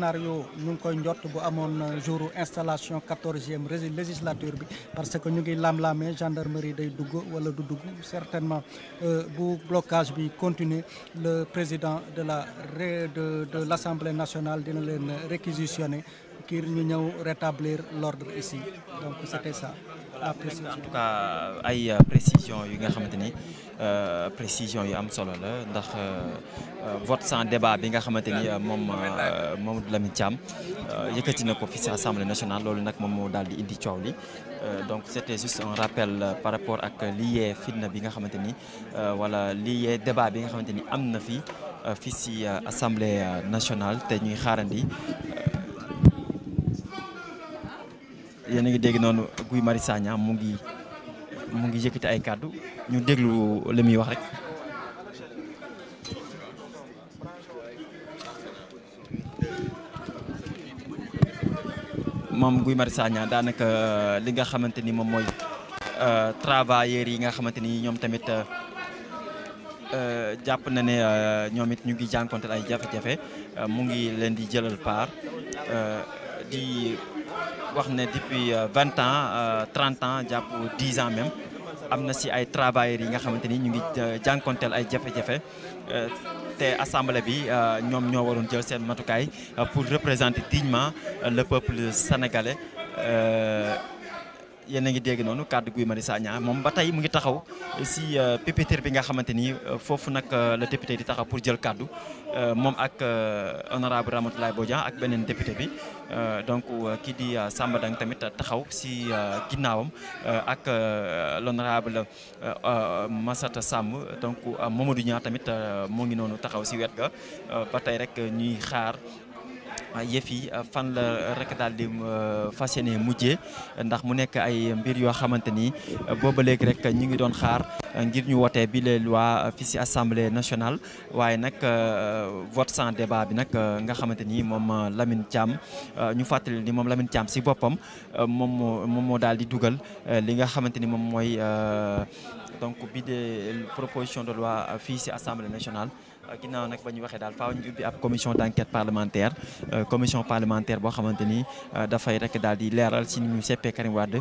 scénario ñu ngi koy njott bu amoon euh, jour installation quatorzième législature bi parce que ñu ngi lam-lamee gendarmerie day dugg wala du dugg certainement euh, bu blocage bi continuer le président de la de de l'Assemblée nationale dina leen réquisitionner Kir ñu ñëw rétablir l'ordre ici donc c'était ça la précision en ay euh, précision yi nga xamante ni euh, précision yu am solo la ndax euh, vote sans débat bi nga xamante ni moom Mamadou Lamine Thiam yëkkati na ko fi ci assemblée loolu nag moom moo daal di indi coow li donc c'était juste un rappel par rapport ak lie yee bi nga xamante ni wala lii débat bi nga xamante ni am na fi fii si assemblée nationale te ñuy xaarandi. yéen a ngi dégg noonu Guy mari Sagna mu ngi mu ngi yëkkati ay kàddu ñu déglu li muy wax rek. moom Guy Marius Sagna daanaka euh, li nga xamante ni moom mooy euh, travailleurs yi nga xamante ni ñoom tamit euh, jàpp na ne ñoom it ñu ngi jànkonteel ay jafe-jafe mu ngi leen di jëlal part di. wax ne depuis euh, vingt ans euh, trente ans jàpp dix ans même am na si ay travailleurs yi nga xamante ni ñu ngi euh, jànkonteel ay jafe-jafe te assemblée bi ñoom ñoo waroon jël seen matukaay pour représenter dignement le peuple sénégalais. yéen a ngi dégg noonu kàddu Guy Marius Sagna moom ba tey mu ngi taxaw si euh, pépinière bi nga xamante ni euh, foofu nag euh, la député di taxaw pour jël kàddu moom ak honorable Ramatoulaye Bodian ak beneen député bi donc kii di Samba Dang tamit taxaw si ginnaawam ak l'honorable Massata Samb donc Mamadou Niang tamit moo ngi noonu taxaw si wet ga ba tey rek ñuy xaar yëf yi euh, fan la rek daal di euh, fas yéene mujjee ndax mu nekk ay mbir yoo xamante ni euh, booba léegi rek ñu ngi doon xaar ngir ñu woote bi la loi fii si assemblée nationale waaye nag vote sans débat bi nag nga xamante ni moom Lamine Thiam ñu fàttali ni moom lamin Thiam si boppam moom moo moom moo daal di dugal li nga xamante ni moom mooy donc bi de proposition de loi fii si assemblée nationale. ginnaaw nag ba ñu waxee daal faaw ñu ubbi ab commission d'enquête parlementaire euh, commission parlementaire boo xamante ni euh, dafay rek daal di leeral si ni ñu seppee Karim de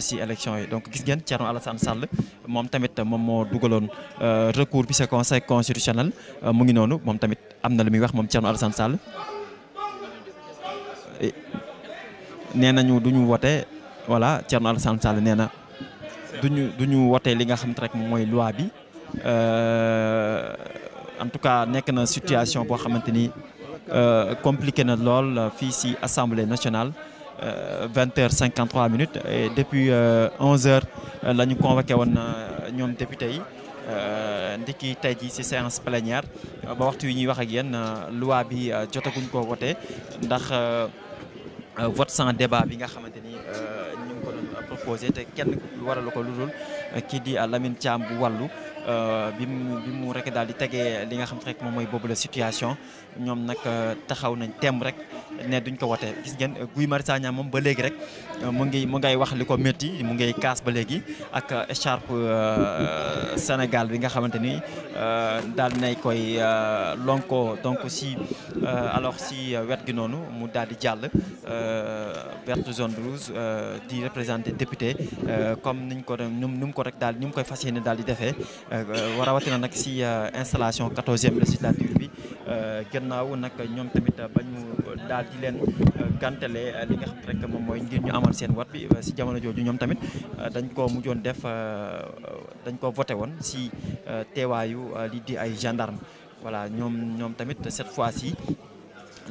si euh, élection yi donc gis ngeen Thierno Alassane Sall moom tamit moom moo dugaloon recours bi sa conseil constitutionnel mu ngi noonu moom tamit am na lu muy wax moom Thierno Alassane Sall nee nañu du ñu wote wala Thierno Alassane Sall nee na duñu du ñu wote li nga xam te rek moom mooy loi bi en tout cas nekk na situation boo xamante ni euh, compliqué na lool fii si assemblée nationale euh, vingt heures cinquante trois minutes et depuis euh, onze heures la ñu convoqué woon ñoom député yi ndiki tey jii si séance plénière ba waxtu yi ñuy wax ak yéen loi bi jotaguñ ko voté ndax vote sans débat bi nga xamante ni ñu ngi ko doon proposé te kenn waralu ko lu dul kii di Lamine Thiam bu wàllu Euh, bi mu bi mu rek daal di tegee li nga xam rek moom mooy boobu la situation ñoom nag euh, taxaw nañ temm rek. ne duñ ko wote gis ngeen euh, Guy Marius Sagna moom ba léegi rek euh, mu ngi mu ngay wax li ko métti mu ngay kaas ba léegi ak euh, écharpe Sénégal bi nga xamante ni daal nay koy lonko donc si alors si wet gi noonu mu daal di jàll verte zone rouge di représenté député comme niñ ko doon ni mu ko rek daal ni koy fas yéene daal di defee warawatina nag si installation quatorzième législature bi gannaaw nag ñoom tamit bañ mu daal di leen euh, gantale euh, li nga xam rek moom mooy ngir ñu amal seen wat bi euh, si jamono jooju ñoom tamit dañ koo mujjoon def dañ koo voté woon si teewaayu li di ay gendarme voilà ñoom ñoom tamit cette fois si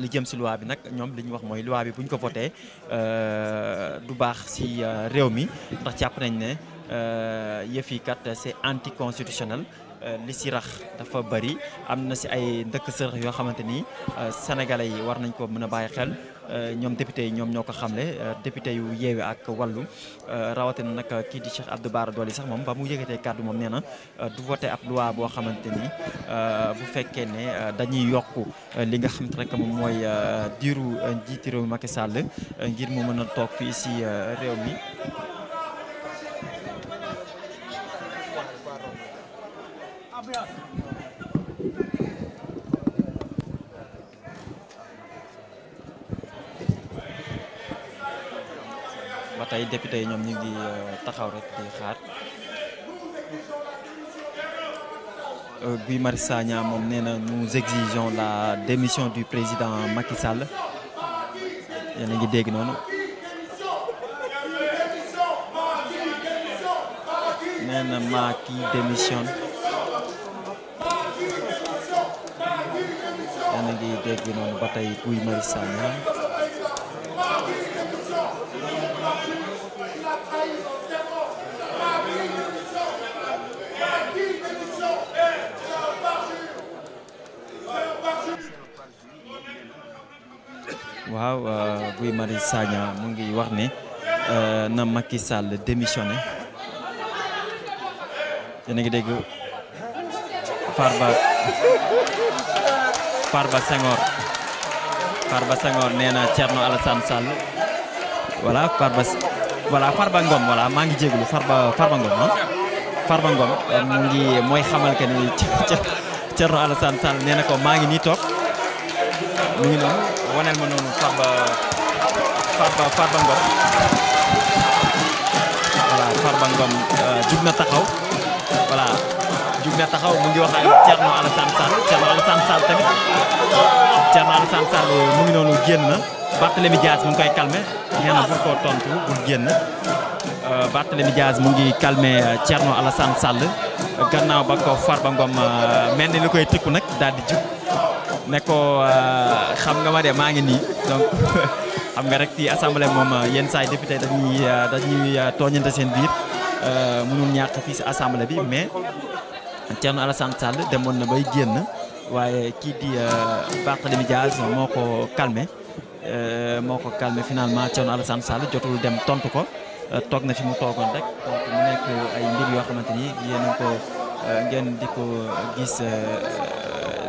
li jëm si loi bi nag ñoom li wax mooy loi bi bu ñu ko voté du baax si réew mi ndax jàpp nañ ne yëf yi kat c'est anticonstitutionnel Euh, li si rax dafa bëri am na si ay ndëkk sërëx yoo xamante ni euh, sénégalais yi war nañ ko mën a bàyyi xel euh, ñoom député yi ñoom ñoo ko xamle député yu yeewe ak wàllu rawatina nag kii di Cheikh Abdou Bara Dolly sax moom ba mu yëkkatee kàddu moom nee na du voté ab luwaa boo xamante ni bu fekkee ne dañuy yokk li nga xamante rek moom mooy diiru njiiti réew mi Macky Sall ngir mu mën a toog fii si réew mi tey député yi ñoom ñu ngi euh, taxaw rek di xaar euh, Guy Marius moom nee na nous exigeons la démission du président Macky Sall yéen ngi dégg noonu nee na Macky démissionne ngi dégg noonu ba tey Guy Marius waaw euh, Guy Marius Sagna mu ngi wax ni euh, na Macky Sall démissionné yéen a ngi dégg Farba Farba Senghor Farba Senghor nee na Thierno Alassane Sall voilà Farba voilà Farba Ngom voilà maa ngi jégalu Farba Farba Ngom ah Farba Ngom euh, mooy xamal que ni Thierno Alassane Sall nee na ko maa ngi nii toog mu ngi noonu waneel ma noonu Farba Farba Farba Ngom Ngom euh, jug na taxaw voilà jug na taxaw mu ngi wax ak Thierno Alassane Sall Thierno Alassane Sall tamit Thierno Alassane Sall mu ngi noonu génn Barthélémy Diaz mu koy calmé nee na bul ko tontu bul génn euh, Barthélémy Diaz mu ngi calmé euh, Thierno Alassane Sall gannaaw ba ko Farba Ngom euh, mel ni li koy tikku nag daal di jub ne ko xam nga ma de maa ngi nii donc xam nga rek ci assemblée moom yenn saa yi député dañuy dañuy tooñante seen biir mënul ñàkk fii si assemblée bi mais Thierno Alassane Sall demoon na bay génn waaye kii di Barthélémy Diaz moo ko calmé. Eh, moo ko calmé finalement Thierno Alassane Sall jotul dem tontu ko eh, toog na fi mu toogoon rek donc mu nekk ay mbir yoo xamante ni yéen ko eh, ngeen di ko gis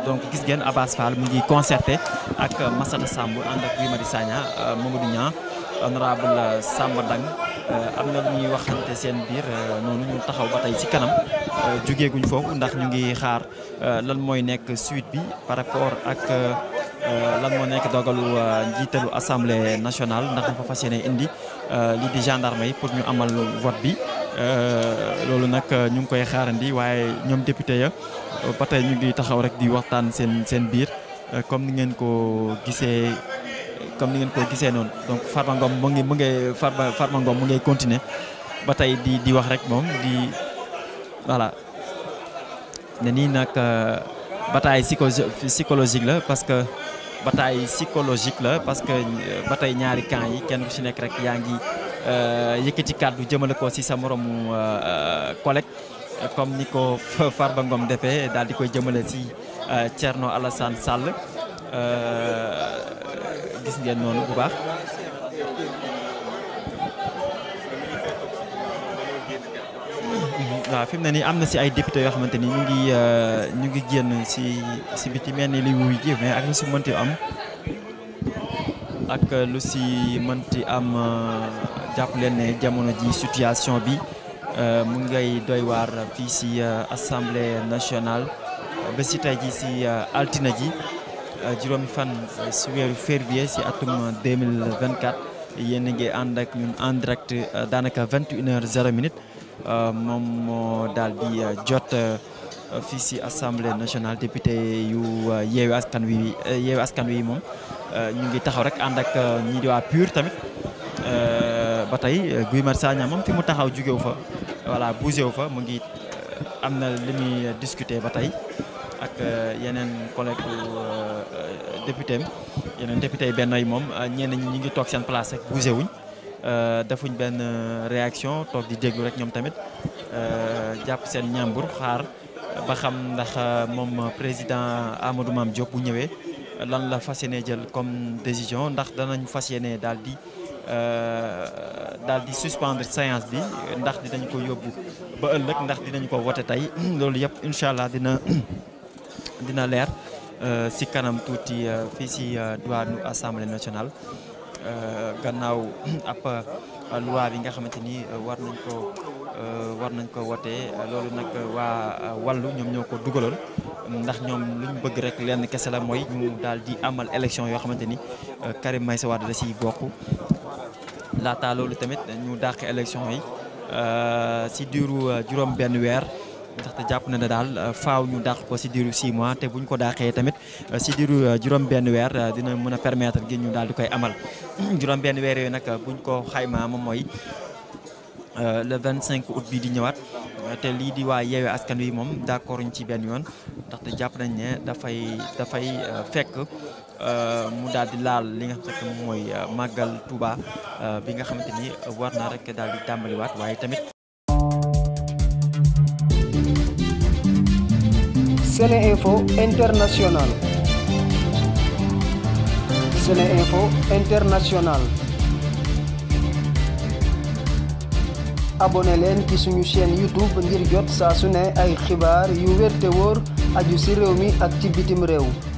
donc gis ngeen Abass Fall mu ngi concerté ak Massata Samb ànd ak Guy Marius Sagna Mamadou Niang honorable Samba Dang am na lu ñuy waxante seen biir noonu ñu taxaw ba tey ci kanam jugeeguñ foofu ndax ñu ngi xaar lan mooy nekk suite bi par rapport ak. Euh, lan moo nekk dogalu euh, njiitalu assemblée nationale ndax dafa fas yéene indi euh, lii di gendarme yi pour ñu amal vote bi loolu nag ñu ngi koy xaarandi waaye ñoom député ya ba ñu ngi taxaw rek di waxtaan seen seen biir comme ni ngeen ko gisee comme ni ngeen ko gisee noonu donc Farba Ngom mu ngi mu ngi Farba ba tey di di wax rek moom di voilà ne nii nag bataille psychologique la parce que. bataille psychologique la parce que euh, bataille ñaari camp yi kenn ku ci nekk rek yaa ngi euh, yëkkati kàddu jëmale koo si sa moromu euh, collègue comme ni ko Farba Ngom defee daal di koy jëmale ci Thierno Alassane Sall gis ngeen noonu bu baax. waaw fi mu ne nii am na si ay député yoo xamante ni ñu ngi euh, ñu ngi génn si si biti mel ni li wuy ji mais ak lu si mënti am ak euh, lu si mënti am euh, jàpp leen jamono ji situation bi mu ngay doy waar fii si assemblée nationale ba si tey ji si altine ji juróomi fan si weeru février si atum 2024 yéen a ngi ànd ak ñun en euh, daanaka vingt une heure zéro minute euh, moom moo daal di euh, jot fii si assemblée nationale député yu yeewi askan wi yeewi askan wi moom ñu ngi taxaw rek ànd ak ñii di waa PUR tamit ba tey Guy Marius Sagna moom fi mu taxaw jugewu fa voilà bougé wu fa mu ngi am na li muy discuté ba tey. ak euh, yeneen collègue euh, député yeneen député benn yi moom euh, ñenn ñi ñu ngi toog seen place rek bougé wuñ defuñ benn réaction toog di déglu rek ñoom tamit jàpp seen ñàmbur xaar ba xam ndax moom président Amadou Mame Diop bu ñëwee lan la fas yéene jël comme décision ndax danañ fas yéene daal di dal di suspendre séance bi ndax dinañ ko yóbbu ba ëllëg ndax dinañ ko wote loolu yëpp incha allah dina. dina leer euh, si kanam tuuti euh, fii si euh, diwaanu assemblée nationale gannaaw ab loi bi nga xamante ni war nañ ko war nañ ko wotee loolu nag waa wàllu ñoom ñoo ko dugaloon ndax ñoom lu ñu bëgg rek lenn kese la mooy ñu daal di amal élection yoo xamante ni Karim Meïssa Wade da siy bokk laata loolu tamit ñu dàq élection yi si diiru juróom benn weer ndaxte jàpp na ne daal euh, faaw ñu dàq ko si diiru 6 mois te bu ñu ko dàqee tamit euh, si diiru euh, juróom weer dina mën a permettre ngir ñu daal di koy amal juróom weer yooyu nag bu ko xaymaa moom mooy le 25 août bi di ñëwaat. te lii di waa yeewee askan wi moom d'accord ñu ci benn yoon ndaxte jàpp nañ ne dafay dafay fekk mu dal di laal li nga xam ne mooy màggal Touba bi nga xamante ni war na rek daal di tàmbaliwaat waaye tamit Seneinfo International Seneinfo leen ci suñu chaîne YouTube ngir jot saa su ne ay xibaar yu werte te aju ci réew mi ak ci bitim réew